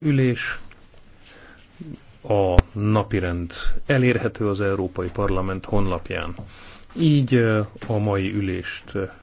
ülés. A napirend elérhető az Európai Parlament honlapján. Így a mai ülést